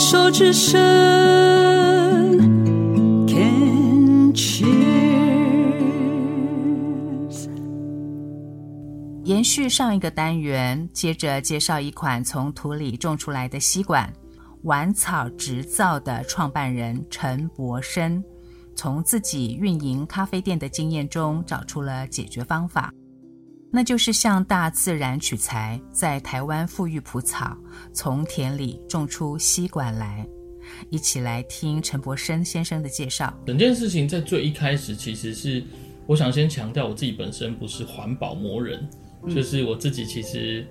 手之伸，can cheers，延續上一個單元，接着介紹一款從土裡種出來的吸管。玩草植造的創辦人陳柏燊，從自己運營咖啡店的經驗中找出了解決方法。那就是向大自然取材，在台灣富裕蒲草從田裡種出吸管來。一起來聽陳柏燊先生的介紹。整件事情在最一開始，其實是我想先強調我自己本身不是環保魔人，就是我自己其實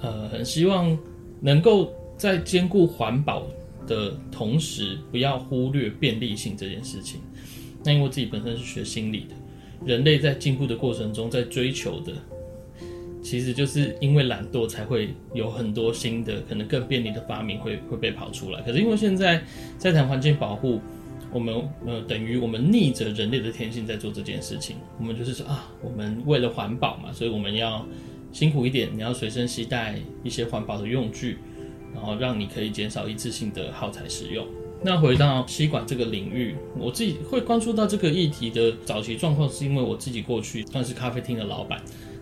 呃很希望能夠在兼顧環保的同時，不要忽略便利性這件事情。那因為我自己本身是學心理的。人類在進步的過程中，在追求的，其實就是因為懶惰，才會有很多新的、可能更便利的發明會會被跑出來。可是因為現在在談環境保護，我們呃等於我們逆着人類的天性在做這件事情。我們就是說啊，我們為了環保嘛，所以我們要辛苦一點，你要隨身攜帶一些環保的用具，然後讓你可以減少一次性的耗材使用。那回到吸管這個領域，我自己會關注到這個議題的早期狀況，是因為我自己過去算是咖啡廳的老闆。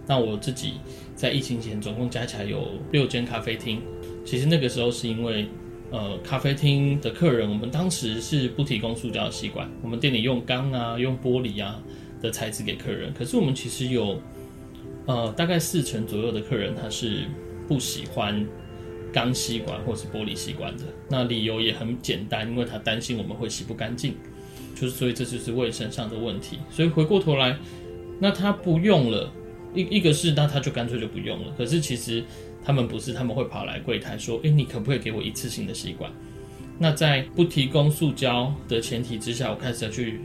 那我自己在疫情前總共加起來有六間咖啡廳。其實那個時候是因為，呃，咖啡廳的客人，我們當時是不提供塑膠的吸管，我們店裡用鋼啊、用玻璃啊的材質給客人。可是我們其實有，呃，大概四成左右的客人他是不喜歡。鋼吸管或是玻璃吸管的，那理由也很簡單，因為他擔心我們會洗不乾淨，就是所以這就是衛生上的問題。所以回過頭來，那他不用了，一一個是那他就乾脆就不用了。可是其實他們不是，他們會跑來櫃台說：“誒，你可不可以給我一次性的吸管？”那在不提供塑膠的前提之下，我開始要去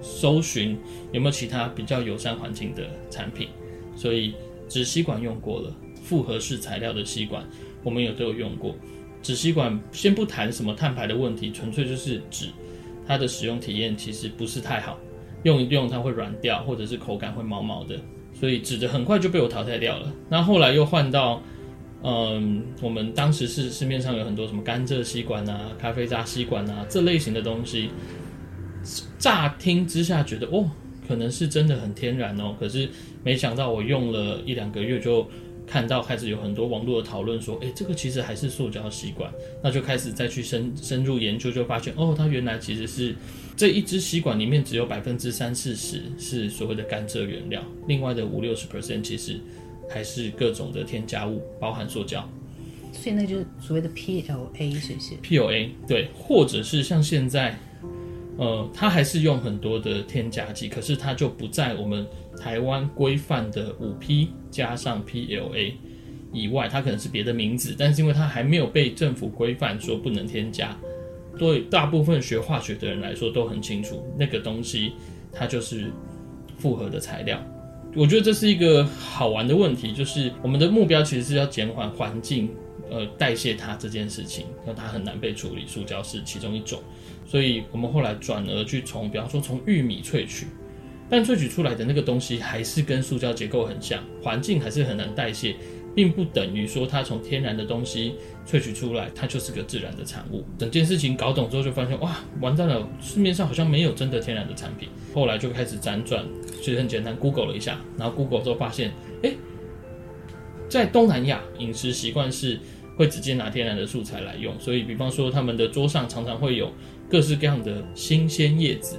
搜尋有沒有其他比較友善環境的產品。所以紙吸管用過了，複合式材料的吸管。我們有都有用過，紙吸管，先不談什麼碳排的問題，純粹就是紙，它的使用體驗其實不是太好，用一用它會軟掉，或者是口感會毛毛的，所以紙的很快就被我淘汰掉了。那後，後來又換到，嗯，我們當時是市面上有很多什麼甘蔗吸管啊、咖啡渣吸管啊這類型的東西，乍聽之下覺得哦，可能是真的很天然哦，可是沒想到我用了一兩個月就。看到開始有很多網絡的討論，說，誒、欸、這個其實還是塑膠吸管，那就開始再去深深入研究，就發現，哦，它原來其實是這一支吸管裡面只有百分之三四十是所謂的甘蔗原料，另外的五六十 percent 其實還是各種的添加物，包含塑膠，所以那就是所謂的 PLA，謝謝 PLA 對，或者是像現在。呃，它還是用很多的添加劑，可是它就不在我們台灣規範的五 P 加上 PLA 以外，它可能是別的名字，但是因為它還沒有被政府規範說不能添加。對大部分學化學的人來說都很清楚，那個東西它就是複合的材料。我覺得這是一個好玩的問題，就是我們的目標其實是要減緩環境。呃，代謝它這件事情，那它很難被處理。塑膠是其中一種，所以我們後來轉而去從，比方說從玉米萃取，但萃取出來的那個東西還是跟塑膠結構很像，環境還是很難代謝，並不等於說它從天然的東西萃取出來，它就是個自然的產物。整件事情搞懂之後，就發現哇，完蛋了，市面上好像沒有真的天然的產品。後來就開始輾轉，其實很簡單，Google 了一下，然後 Google 之後發現，誒，在東南亞飲食習慣是。會直接拿天然的素材來用，所以比方說他們的桌上常常會有各式各樣的新鮮葉子、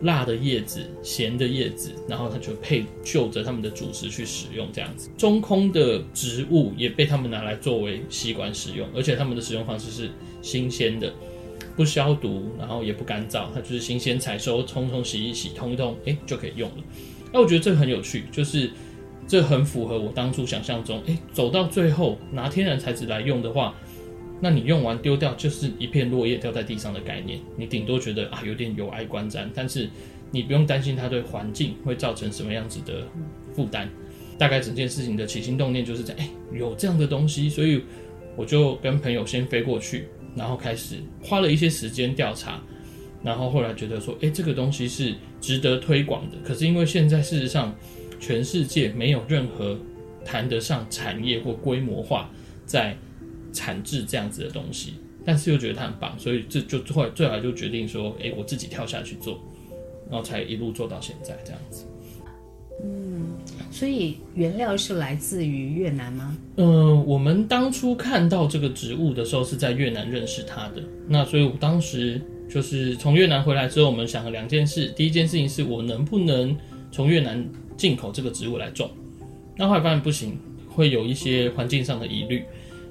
辣的葉子、鹹的葉子，然後他就配就着他們的主食去使用這樣子。中空的植物也被他們拿來作為吸管使用，而且他們的使用方式是新鮮的，不消毒，然後也不乾燥，它就是新鮮採收，沖沖洗一洗，通一通，誒，就可以用了。那我覺得這個很有趣，就是。這很符合我當初想象中，誒，走到最後拿天然材質來用的話，那你用完丟掉就是一片落葉掉在地上的概念，你頂多覺得啊有點有礙觀瞻，但是你不用擔心它對環境會造成什麼樣子的負擔。大概整件事情的起心動念就是這樣，誒，有這樣的東西，所以我就跟朋友先飛過去，然後開始花了一些時間調查，然後後來覺得說，誒，這個東西是值得推廣的。可是因為現在事實上。全世界沒有任何談得上產業或規模化在產制這樣子的東西，但是又覺得它很棒，所以這就後來最後就決定說：“誒、欸，我自己跳下去做，然後才一路做到現在這樣子。”嗯，所以原料是來自於越南嗎？嗯、呃，我們當初看到這個植物的時候是在越南認識它的，那所以我當時就是從越南回來之後，我們想了兩件事。第一件事情是，我能不能從越南。進口這個植物來種，那後來發現不行，會有一些環境上的疑慮，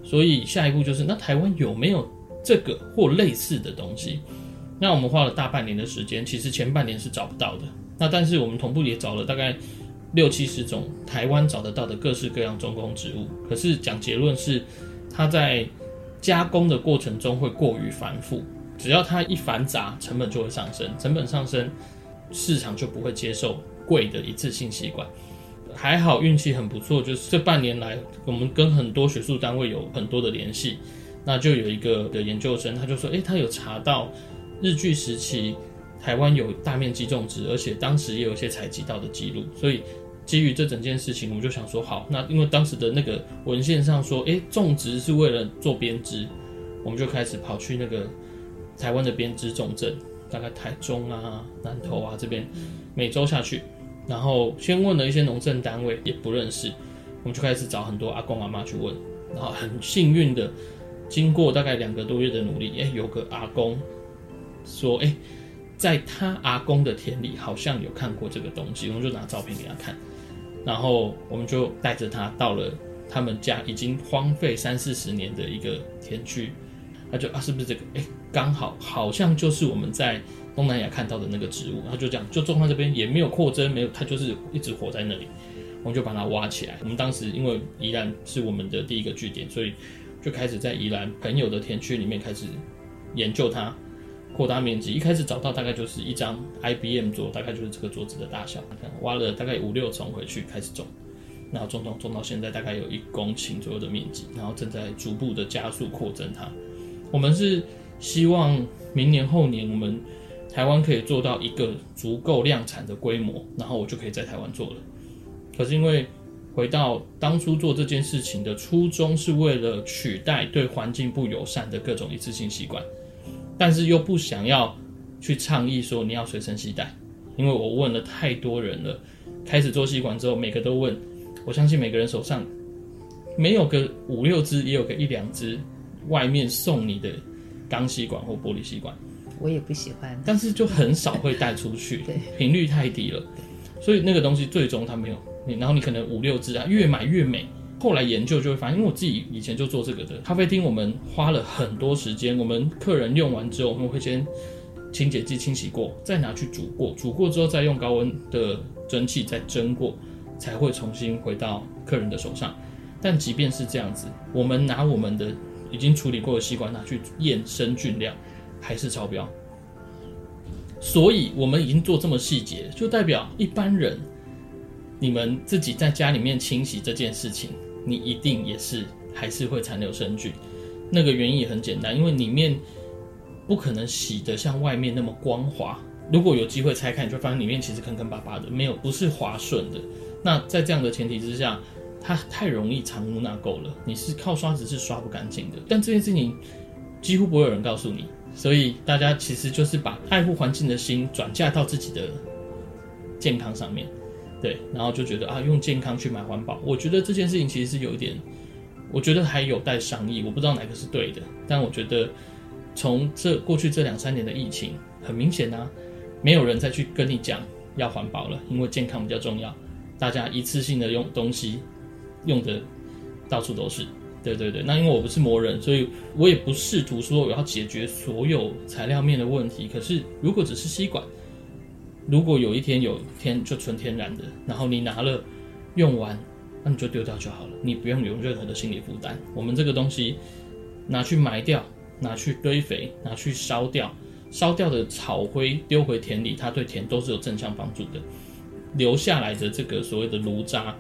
所以下一步就是那台灣有沒有這個或類似的東西？那我們花了大半年的時間，其實前半年是找不到的。那但是我們同步也找了大概六七十種台灣找得到的各式各樣中空植物，可是講結論是，它在加工的過程中會過於繁複，只要它一繁雜，成本就會上升，成本上升，市場就不會接受。貴的一次性吸管，還好運氣很不錯，就是這半年來，我們跟很多學術單位有很多的聯繫，那就有一個的研究生，他就說，誒、欸，他有查到日據時期台灣有大面積種植，而且當時也有一些採集到的記錄，所以基於這整件事情，我就想說，好，那因為當時的那個文獻上說，誒、欸，種植是為了做編織，我們就開始跑去那個台灣的編織重鎮，大概台中啊、南投啊這邊，每週下去。然後先問了一些農政單位，也不認識，我們就開始找很多阿公阿媽去問。然後很幸運的，經過大概兩個多月的努力，誒，有個阿公說，誒，在他阿公的田裡好像有看過這個東西。我們就拿照片給他看，然後我們就帶着他到了他們家已經荒廢三四十年的一個田區。他就啊，是不是這個？誒，剛好好像就是我們在。東南亞看到的那個植物，它就這樣就種在這邊也沒有擴增，沒有，它就是一直活在那裡。我們就把它挖起來。我們當時因為宜蘭是我們的第一個據點，所以就開始在宜蘭朋友的田區裡面開始研究它，擴大面積。一開始找到大概就是一張 IBM 桌，大概就是這個桌子的大小，挖了大概五六層回去開始種，然後種種種到現在大概有一公頃左右的面積，然後正在逐步的加速擴增它。我們是希望明年後年我們。台灣可以做到一個足夠量產的規模，然後我就可以在台灣做了。可是因為回到當初做這件事情的初衷是為了取代對環境不友善的各種一次性吸管，但是又不想要去倡議說你要隨身攜帶，因為我問了太多人了，開始做吸管之後，每個都問，我相信每個人手上沒有個五六支，也有個一兩支，外面送你的鋼吸管或玻璃吸管。我也不喜歡，但是就很少會帶出去， 對，頻率太低了，所以那個東西最終它沒有。你然後你可能五六只啊，越買越美。後來研究就會發現，因為我自己以前就做這個的咖啡廳，我們花了很多時間。我們客人用完之後，我們會先清潔劑清洗過，再拿去煮過，煮過之後再用高溫的蒸汽，再蒸過，才會重新回到客人的手上。但即便是這樣子，我們拿我們的已經處理過的吸管拿去驗生菌量，還是超標，所以我們已經做這麼細節，就代表一般人，你們自己在家裡面清洗這件事情，你一定也是還是會殘留生菌。那個原因也很簡單，因為裡面不可能洗得像外面那麼光滑。如果有機會拆開，你就發現裡面其實坑坑巴巴的，沒有不是滑順的。那在這樣的前提之下，它太容易藏污納垢了。你是靠刷子是刷不乾淨的。但這件事情幾乎不會有人告訴你。所以大家其實就是把愛護環境的心轉嫁到自己的健康上面，對，然後就覺得啊，用健康去買環保。我覺得這件事情其實是有一點，我覺得還有待商議。我不知道哪個是對的，但我覺得從這過去這兩三年的疫情，很明顯啊，沒有人再去跟你講要環保了，因為健康比較重要。大家一次性的用東西用的到處都是。對對對，那因為我不是魔人，所以我也不試圖說我要解決所有材料面的問題。可是，如果只是吸管，如果有一天，有一天就純天然的，然後你拿了用完，那你就丟掉就好了，你不用有任何的心理負擔。我們這個東西拿去埋掉、拿去堆肥、拿去燒掉，燒掉的草灰丟回田裡，它對田都是有正向幫助的。留下來的這個所謂的爐渣。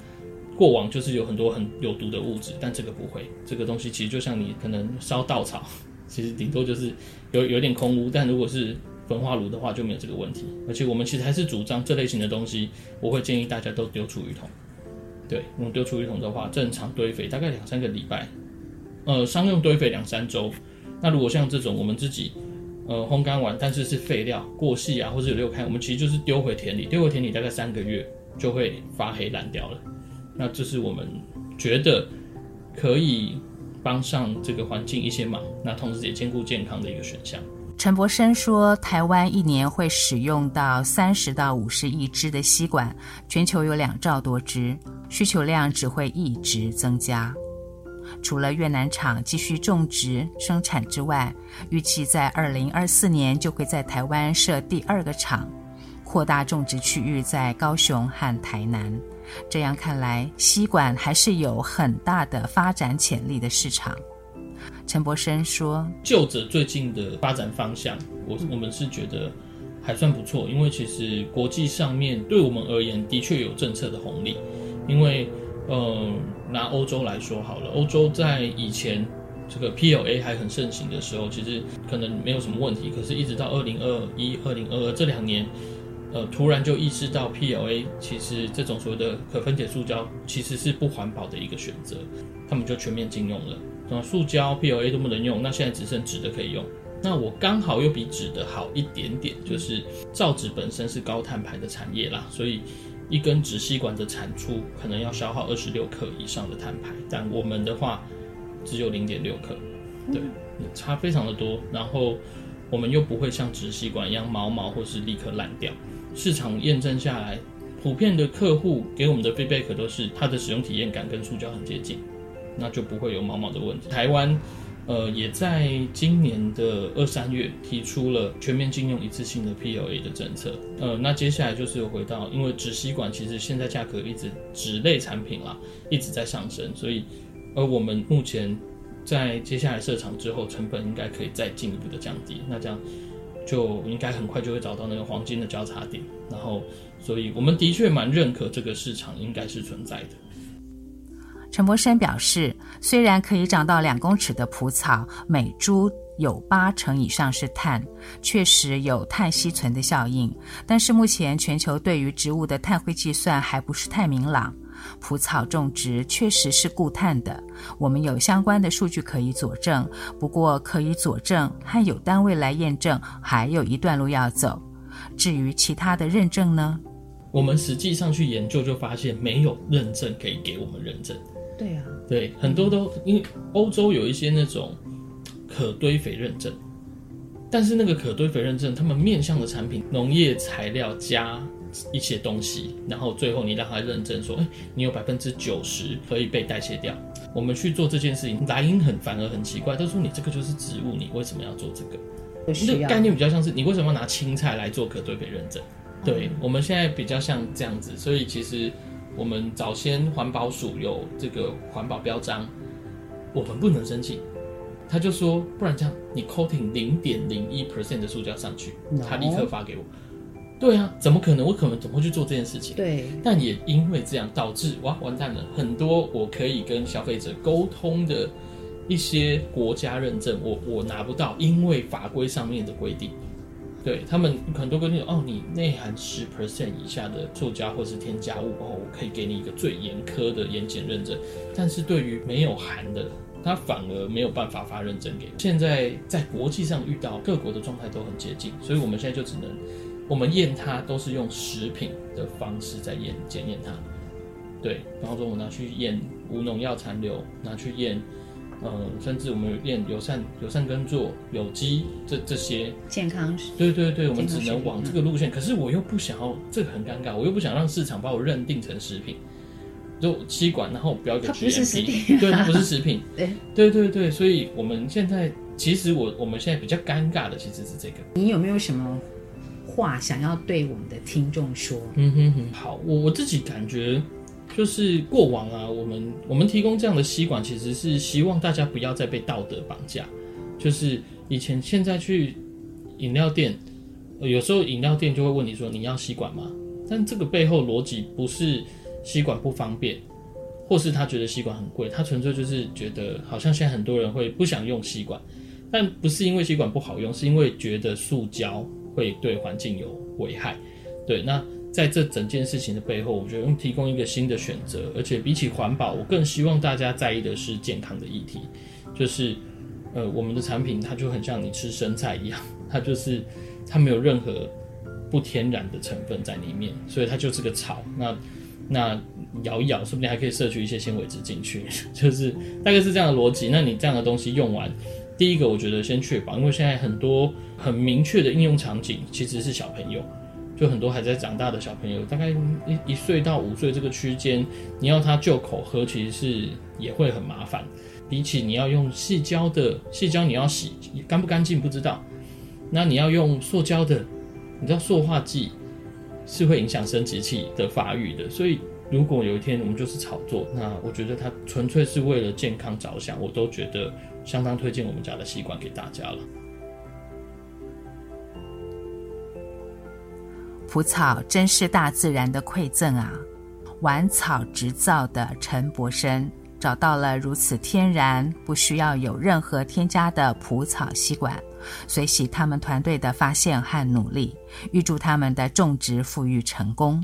過往就是有很多很有毒的物質，但這個不會，這個東西其實就像你可能燒稻草，其實頂多就是有有點空污，但如果是焚化爐的話就沒有這個問題。而且我們其實還是主張這類型的東西，我會建議大家都丟廚餘桶。對，用丟廚餘桶的話，正常堆肥大概兩三個禮拜，呃，商用堆肥兩三周。那如果像這種我們自己，呃，烘乾完但是是廢料過細啊，或者有裂開，我們其實就是丟回田裡，丟回田裡大概三個月就會發黑爛掉了。那這是我們覺得可以幫上這個環境一些忙，那同時也兼顧健康的一個選項。陳柏燊說，台灣一年會使用到三十到五十億支的吸管，全球有兩兆多支，需求量只會一直增加。除了越南廠繼續種植生產之外，預期在二零二四年就會在台灣設第二個廠，擴大種植區域在高雄和台南。這樣看來，吸管還是有很大的發展潛力的市場。陳柏燊說：“就着最近的發展方向，我我們是覺得還算不錯，因為其實國際上面對我們而言的確有政策的紅利。因為，呃，拿歐洲來說好了，歐洲在以前這個 PLA 還很盛行的時候，其實可能沒有什麼問題。可是，一直到二零二一、二零二二這兩年。”呃，突然就意識到 PLA 其實這種所謂的可分解塑膠其實是不環保的一個選擇，他們就全面禁用了。那塑膠 PLA 都不能用，那現在只剩紙的可以用。那我剛好又比紙的好一點點，就是造紙本身是高碳排的產業啦，所以一根紙吸管的產出可能要消耗二十六克以上的碳排，但我們的話只有零點六克，對，差非常的多。然後我們又不會像紙吸管一樣毛毛或是立刻爛掉。市場驗證下來，普遍的客戶給我們的必 e 可 b c k 都是它的使用體驗感跟塑膠很接近，那就不會有毛毛的問題。台灣，呃，也在今年的二三月提出了全面禁用一次性的 P.U.A 的政策。呃，那接下來就是回到，因為紙吸管其實現在價格一直紙類產品啦一直在上升，所以而我們目前在接下來設廠之後，成本應該可以再進一步的降低。那這樣。就應該很快就會找到那個黃金的交叉點，然後，所以我們的確蠻認可這個市場應該是存在的。陳柏燊表示，雖然可以長到兩公尺的蒲草，每株有八成以上是碳，確實有碳吸存的效應，但是目前全球對於植物的碳匯計算還不是太明朗。蒲草種植確實是固碳的，我們有相關的數據可以佐證。不過，可以佐證和有單位來驗證，還有一段路要走。至於其他的認證呢？我們實際上去研究就發現，沒有認證可以給我們認證。對啊，對，很多都因為歐洲有一些那種可堆肥認證，但是那個可堆肥認證，他們面向的產品農業材料加。一些東西，然後最後你讓他認證說，哎、欸，你有百分之九十可以被代謝掉。我們去做這件事情，萊茵很反而很奇怪，他說你這個就是植物，你為什麼要做這個？就概念比較像是你為什麼要拿青菜來做可堆肥認證、嗯？對我們現在比較像這樣子，所以其實我們早先環保署有這個環保標章，我們不能申請，他就說不然這樣，你 coating 零點零一 percent 的塑膠上去，他、no? 立刻發給我。對啊，怎麼可能？我可能怎麼會去做這件事情？對，但也因為這樣導致哇，完蛋了！很多我可以跟消費者溝通的一些國家認證，我我拿不到，因為法規上面的規定。對他們很多規定說哦你，哦，你內含十 percent 以下的塑膠或是添加物，哦，我可以給你一個最嚴苛的嚴檢認證。但是對於沒有含的，它反而沒有辦法發認證給。現在在國際上遇到各國的狀態都很接近，所以我們現在就只能。我們驗它都是用食品的方式在驗檢驗它，對，比方說我拿去驗無農藥殘留，拿去驗，呃，甚至我們有驗友善、友善耕作、有機這這些健康。對對對，我們只能往這個路線。可是我又不想要，這個很尷尬，我又不想讓市場把我認定成食品，就吸管，然後標一個 GMP，對，它不是食品，對，對對對，所以我們現在其實我我們現在比較尷尬的其實是這個，你有沒有什麼？話想要對我們的聽眾說，嗯哼哼、嗯，好，我我自己感覺就是過往啊，我們我們提供這樣的吸管，其實是希望大家不要再被道德綁架。就是以前現在去飲料店，有時候飲料店就會問你說，你要吸管嗎？但這個背後邏輯不是吸管不方便，或是他覺得吸管很貴，他純粹就是覺得好像現在很多人會不想用吸管，但不是因為吸管不好用，是因為覺得塑膠。會對環境有危害，對，那在這整件事情的背後，我覺得用提供一個新的選擇，而且比起環保，我更希望大家在意的是健康的議題，就是呃我們的產品它就很像你吃生菜一樣，它就是它沒有任何不天然的成分在裡面，所以它就是個草，那那咬一咬說不定還可以攝取一些纖維質進去，就是大概是這樣的邏輯，那你這樣的東西用完。第一個，我覺得先確保，因為現在很多很明確的應用場景其實是小朋友，就很多還在長大的小朋友，大概一一歲到五歲這個區間，你要他就口喝，其實是也會很麻煩。比起你要用矽膠的，矽膠你要洗乾不乾淨不知道，那你要用塑膠的，你知道塑化劑是會影響生殖器的發育的，所以。如果有一天我們就是炒作，那我覺得他純粹是為了健康着想，我都覺得相當推薦我們家的吸管給大家了。蒲草真是大自然的饋贈啊！玩草植造的陳柏燊找到了如此天然、不需要有任何添加的蒲草吸管。隨喜他們團隊的發現和努力，預祝他們的種植富裕成功。